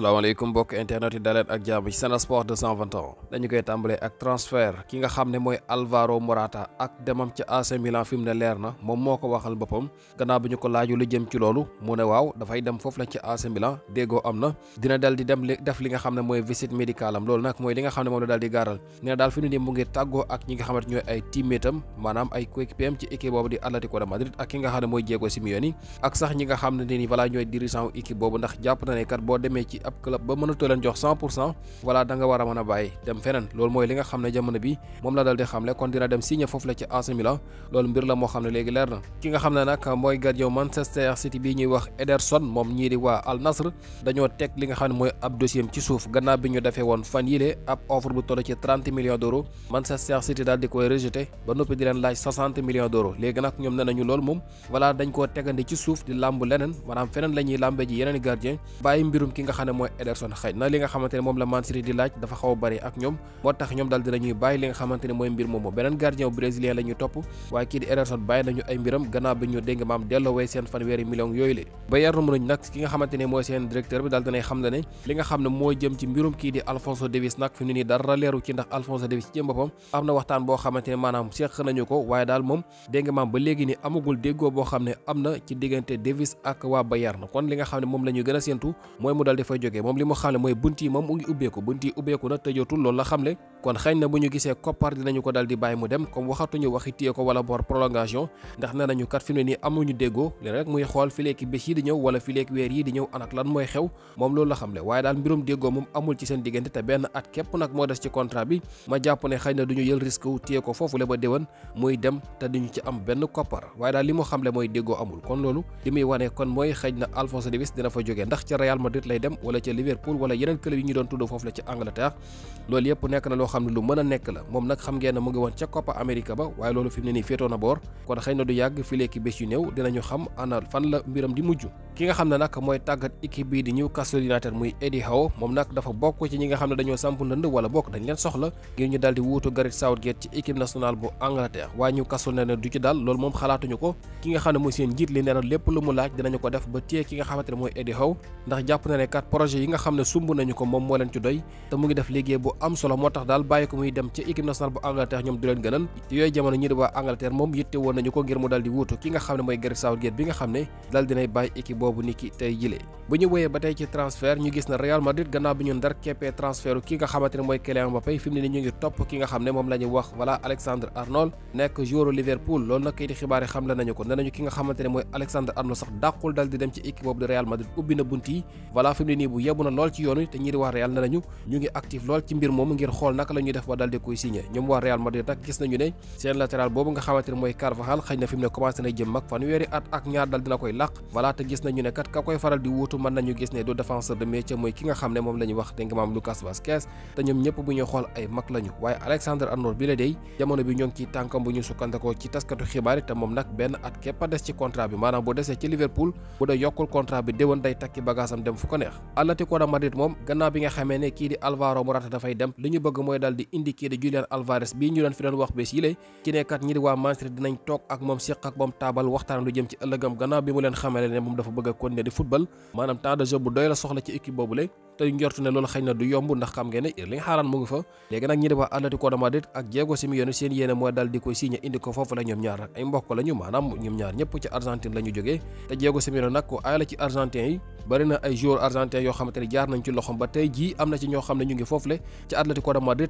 asalaamaaleykum mbokk internet yi daleen ak jàmm ci Sen Sport 221 dañu koy tàmbalee ak transfert ki nga xam ne mooy Alvaro Morata ak demam ci AC Milan ne leer na moom moo ko waxal boppam gannaaw bi ñu ko laaju lu jëm ci loolu mu ne waaw dafay dem foofu la ci AC déggoo am na dina dal di dem def li nga xam ne mooy visite médicale loolu nag mooy li nga xam ne moom la daal di gaaral nee na daal fi mu ne mu ngi tàggoo ak ñi nga club ba mënatoo leen jox 100 pour cent voilà da a bàyyi dem feneen loolu mooy li nga xam ne jamono bi moom la dal xamle kon dina dem signé foofu la ci AC Milan mbir la moo xam ne léegi leer na ki nga xam ne nag mooy gardien Manchester City bi ñuy wax Ederson moom ñii di waa Al dañoo teg li nga xam ne mooy ab dossier ci suuf gannaaw bi ñu defee woon fan yile ab offre bu toll ci 30 millions d'euros Manchester City daal di koy rejeté mooy Ederson xëy na li nga xamante ne moom la Man City di laaj dafa xaw bari ak ñoom moo tax ñoom daal dinañuy bàyyi li nga xamante ne mooy mbir moomu beneen gardien brésilien la ñuy topp waaye kii di Ederson bàyyi nañu ay mbiram gannaaw bi ñu dégg maam delloowee seen fanweeri million yooyu la Bayern Munich nag ki nga xamante ne mooy seen directeur bi dal dinay xam ne ne li nga xam ne moo jëm ci mbirum kii di Alphonso Davies nag fi mu ne nii dara leeru ci ndax Alphonso Davies ci jëm boppam am na waxtaan boo xamante ne maanaam seq nañu ko waaye daal moom dégg maam ba léegi ni amagul déggoo boo xam ne am na ci diggante Davies ak waa Bayern kon li nga xam ne moom la ñu gën a séentu mooy mu dal di fa jógee moom li mu xam ne mooy bunt yi moom u ngi ubbeeku bunt ubbeeku na tëjootul loolu la xam ne kon xëy na bu ñu gisee dinañu ko daldi bay mu dem comme ñu waxi téye ko wala bor prolongation ndax na nañu kat fi ni ne nii amuñu déggoo li rek muy filé ki bëss yi di ñëw wala ki wër yi di ñëw anak lan moy xew mom loolu la xamlé waye waaye daal mbirum amul ci seen diggante té ben at képp nak mo dess ci contrat bi ma japp ne xëy na duñu yël risque wu téye ko fofu lé ba déwon muy dem té duñu ci am ben copar waye daal limu xamlé moy le amul kon loolu limi wané kon moy xëy na Alphonso dina fa joggé ndax ci Real Madrid lay dem wala ci Liverpool wala yeneen club yi ñu doon tuddu fofu la ci Angleterre xamni lu meuna nek la mom nak xam ngeen ne mu ngi won ca Copa America ba waaye lolu fi ni fetona bor kon xeyna du yag fi léegi bes yu new dinañu xam ana fan la mbiram di muju ki nga xamne nak moy tagat equipe bi di Newcastle United muy Eddie Howe mom nak dafa bokku ci ñi nga xam ne dañoo samp ndënd wala bok dañ leen soxla ngir ñu daldi wootu wuutu Gareth Southgate ci equipe nationale bu Angleterre waaye Newcastle ne na du ci dal lolu mom xalaatuñu ko ki nga xamne moy seen jitt li neena lepp lu mu laaj dinañu ko def ba tie ki nga xamantene moy Eddie Howe ndax japp na ne kat projet yi nga xamne sumbu nañu ko mom mo leen ci doy te mu ngi def liggéey bu am solo motax dal. Sénégal bàyyi ko muy dem ci équipe nationale bu Angleterre ñoom du leen gënal yooyu jamono ñi di waa moom yitte woon nañu ko ngir mu dal di ki nga xam ne mooy Gareth Southgate bi nga xam ne dal dinay bàyyi équipe boobu ni ki jile bu ñu woyee ba tey ci transfert ñu gis na Real Madrid gannaaw bi ñu ndar keppee transfertu ki nga xamante mooy Kylian Mbappé fi mu ne ni ñu ngi topp ki nga xam ne moom la wax voilà Alexandre Arnold nekk joueur Liverpool naka lañuy def ba dal di koy signé ñom wa Real Madrid nak gis nañu ne sen latéral bobu nga xamanteni moy Carvajal xëy na commencé na jëm fan wéri at ak ñaar dal dina koy laq wala ta gis nañu ne kat ka koy faral di wootu man nañu gis ne do défenseur de métier moy ki nga xam mom lañuy wax te maam Lucas Vazquez te ñom ñëpp bu ñu ay mak lañu waye Alexander Arnold bi la dey jamono bi ñong ci tankam bu ñu sukkandikoo ci taskatu xibaar yi te moom nag benn at képp a ci contrat bi manam bo ci Liverpool bu da yokul contrat bi déwén day takki bagaasam dem fu ko neex Atletico Madrid mom ganna bi nga xamé ne ki di Alvaro Morata fay dem li ñu bëgg moy daal di indiqué de Julian Alvarez bii ñu doon fi doon wax bés yi lay ci nekkat ñi di waa Manchester dinañ toog ak moom séq ak moom taabal waxtaan lu jëm ci ëllëgam gannaaw bi mu leen xamale ne moom dafa bëgg a continuer di football maanaam temps de jeu doy la soxla ci équipe boobu lay te njortu ne loolu xëy na du yomb ndax xam ngeen ne Erling Haaland mu ngi fa léegi nag ñi di waa Atlético Madrid ak Diego Simeone seen yéene mooy daal koy signé indi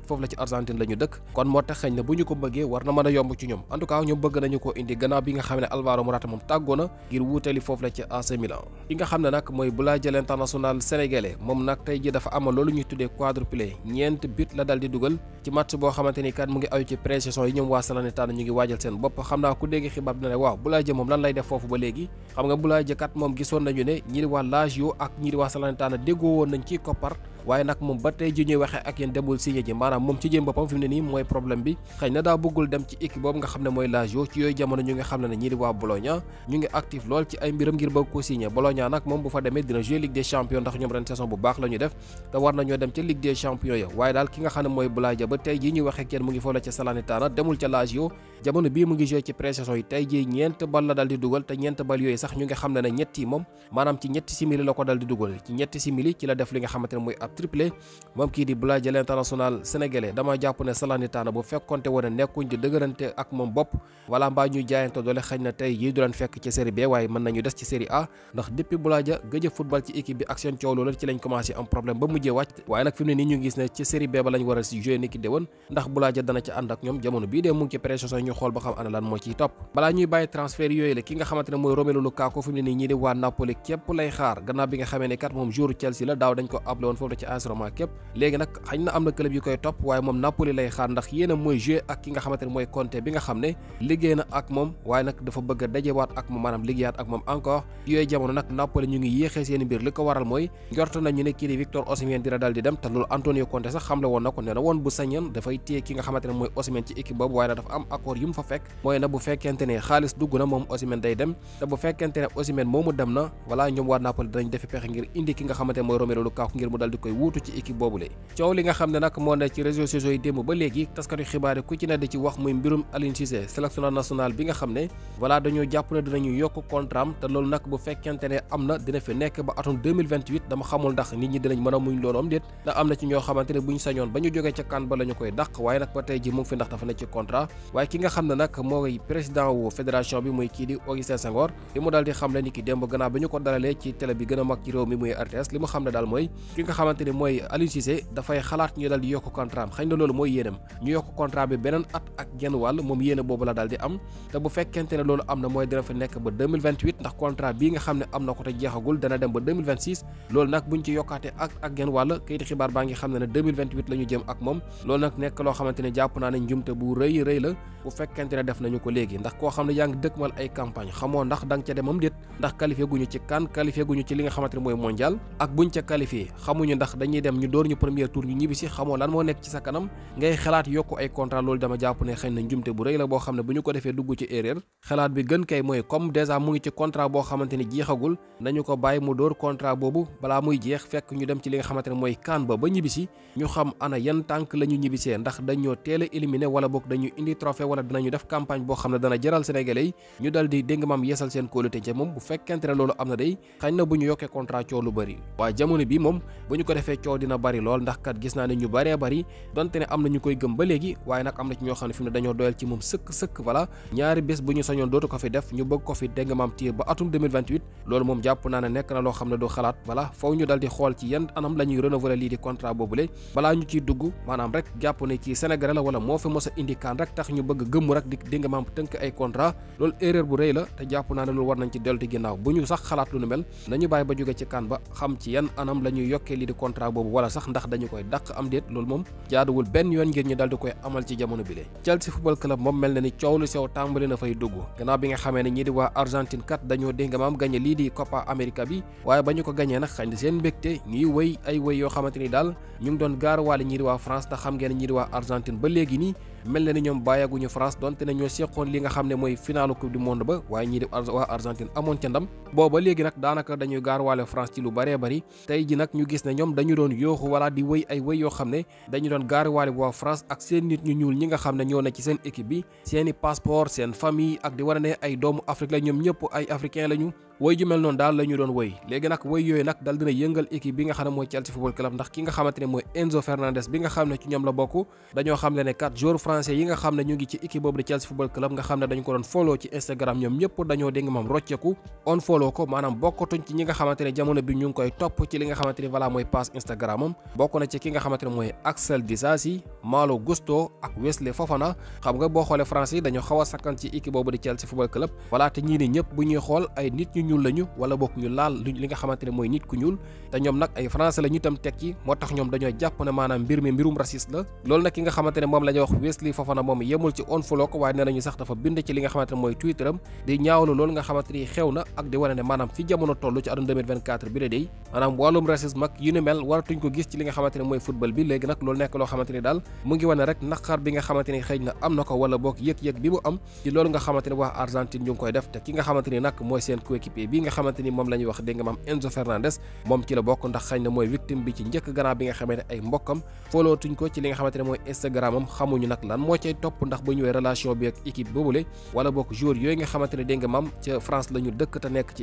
foofu la ci Argentine la ñu dëkk kon moo tax xëy ne bu ñu ko bëggee war na mën a yomb ci ñoom en tout ñoom bëgg nañu ko indi gannaaw bi nga xam ne Alvaro Morata moom tàggoo na ngir wuutali foofu la ci AC Milan ki nga xam ne nag mooy Boulaye Dia l'international sénégalais moom nag tey ji dafa amal loolu ñuy tuddee quadruplé ñeent but la dal di dugal ci match boo xamante ni kat mu ngi ayu ci pré-saison yi ñoom waa Salernitana ñu ngi waajal seen bopp xam naa ku dégg xibaar dina ne waaw Boulaye Dia moom lan lay def foofu ba léegi xam nga nañu ne ñi di waa ak ñi di waa Salernitana woon nañ ci koppar waaye nag moom ba tey ji ñuy waxee ak yéen demul signé ji maanaam moom ci jëm boppam fi mu ne nii mooy problème bi xëy na daa bëggul dem ci équipe boobu nga xam ne mooy Lazio ci yooyu jamono ñu nga ñetti simili la ko dal dugal ci ñetti simili ci la def li nga xamante ne mooy ab moom kii di Boulaye Dia l'international sénégalais dama jàpp ne Salernitana bu fekkonte woon ne di dëgërante ak moom bopp wala mbaa ñuy jaayante doole xëy na tey yii du leen fekk ci série B waaye mën nañu des ci série A ndax depuis Boulaye Dia gëj a ci équipe bi ak seen coow loolu ci lañ commencé am problème ba mujjee wàcc waaye nag fi ne nii ñu gis ne ci série B ba lañ war a si joué niki ndax Boulaye Dia dana ci ànd ak ñoom jamono ci AS Roma képp léegi nag xañ na am na club yu koy topp waaye moom Napoli lay xaar ndax yéen a mooy jouer ak ki nga xamante mooy Conte bi nga xam ne liggéey na ak moom waaye nag dafa bëgg a dajewaat ak moom maanaam liggéeyaat ak moom encore yooyu jamono nag Napoli ñu ngi yéexee seen mbir li ko waral mooy njort nañu ne kii Victor Osimhen dina dal dem te loolu Antonio Conte sax xamle woon na ko nee woon bu sañoon dafay téye ki nga xamante koy wuutu ci équipe boobule coow li nga xam ne nag moo ne ci réseaux sociaux yi démb ba léegi taskatu xibaar yi ku ci ne di ci wax muy mbirum Aliou Cissé sélectionneur national bi nga xam ne voilà dañoo jàpp ne dinañu yokk contrat te loolu nag bu fekkente ne am na dina fi nekk ba atum dama xamul ndax nit ñi dinañ mën a muñ loolu déet ndax am na ci ñoo xamante ne bu ñu sañoon ba ñu jógee ca kan ba la koy dàq waaye nag ba tey ji mu fi ndax dafa ne xamante ne mooy Aliou na loolu mooy yéenam ñu yokk contrat bi beneen at ak ne loolu am na mooy dina fa nekk ba 2028 ndax contrat bii nga xam ne am na ko te jeexagul dana dem jàpp naa ne njumte bu rëy rëy la bu fekkente ne def nañu ko léegi ndax koo xam ne yaa ngi dëkkmal ay campagne xamoo ndax da ca demam déet ndax qualifié ci kan qualifié ci li nga xamante mooy mondial ak buñ ca qualifié xamuñu ndax ndax dañuy dem ñu door ñu premier tour ñu ñibbi si xamoo lan moo nekk ci sa kanam ngay xalaat yokk ay contrat loolu dama jàpp ne xëy na njumte bu rëy la boo xam ne bu ñu ko defee dugg ci erreur xalaat bi gën kay mooy comme dèjà mu ngi ci contrat boo xamante ni jeexagul nañu ko bàyyi mu door contrat boobu balaa muy jeex fekk ñu dem ci li nga xamante ne mooy kaan ba ba ñibbisi ñu xam ana yan tànk la ñu ñibbisee ndax dañoo teel a wala boog dañu indi trophée wala dinañu def campagne boo xam ne dana jaral sénégalais yi ñu dal di dégg maam yeesal seen kóolute ca moom bu fekkente ne loolu am na day xëy na bu ñu yokkee contrat lu bëri defee coow dina bari lool ndax kat gis naa ne ñu baree bari donte ne am na ñu koy gëm ba léegi waaye nag am na ci ñoo xam ne fi ne dañoo doyal ci moom sëkk sëkk voilà ñaari bés bu ñu soñoon dootu ko fi def ñu bëgg ko fi dégg maam ba atum loolu moom jàpp naa ne nekk na loo xam ne du xalaat voilà faw ñu dal xool ci yan anam la ñuy lii di contrat boobule balaa ñu ciy dugg maanaam rek jàpp ne kii Sénégalais la wala moo fi mos indi contrat boobu wala sax ndax dañu koy dàq am déet loolu moom jaaduwul benn yoon ngir ñu dal di koy amal ci jamono bi ba ba léegi nii mel nag ñu gis ne ñoom dañu doon yooxu wala di wéy ay wéy yoo xam ne dañu doon gaariwaale waa France ak seen nit ñu ñuul ñi nga xam ne ñoo ne ci seen équipe bi seeni passeport seen famille ak di wane ne ay doomu Afrique la ñoom ñëpp ay africain lañu woy ju mel noonu daal la doon woy léegi nag woy yooyu nag dal dina yëngal équipe bi nga xam ne mooy Chelsea football club ndax ki nga xamante mooy Enzo Fernandez bi nga xam ne ci ñoom la bokk dañoo xam ne ne quatre joueurs français yi nga xam ne ñu ngi ci équipe boobu di Chelsea football club nga xam ne dañ ko doon follow ci Instagram ñoom ñëpp dañoo dégg moom rocceku on follow ko maanaam bokkatuñ ci ñi nga xamante jamono bi ñu ngi koy topp ci li nga xamante a sakkan ci équipe ñuul bokk ñu laal li nga xamante mooy nit ku ñuul te ñoom nag ay français la itam teg ci moo tax ñoom dañoo jàpp ne maanaam mbir mi mbirum raciste la loolu nag ki nga xamante mooy Twitter di ñaawlu loolu nga xamante xew na ak di wane ne maanaam fi jamono toll ci atum bi la dey maanaam wàllum racisme ak yu ni mel waratuñ ko gis ci li nga xamante mooy football bi léegi nag loolu nekk loo daal mu ngi wane rek naqar bi bi nga xamante bi nga xamante moom la wax dégg Enzo Fernandez moom ci la bokk ndax xañ na mooy victime bi ci njëkk gannaaw bi nga xamante ay mbokkam folootuñ ko ci li nga xamante mooy dëkk te nekk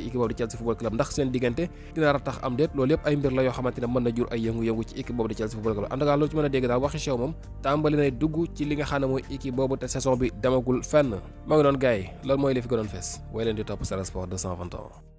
nay dugg ci li nga xam ne mooy équipe boobu te saison bi demagul fenn maa ngi doon gars loolu mooy li fi gënoon fees way leen di topp Sen Sports now.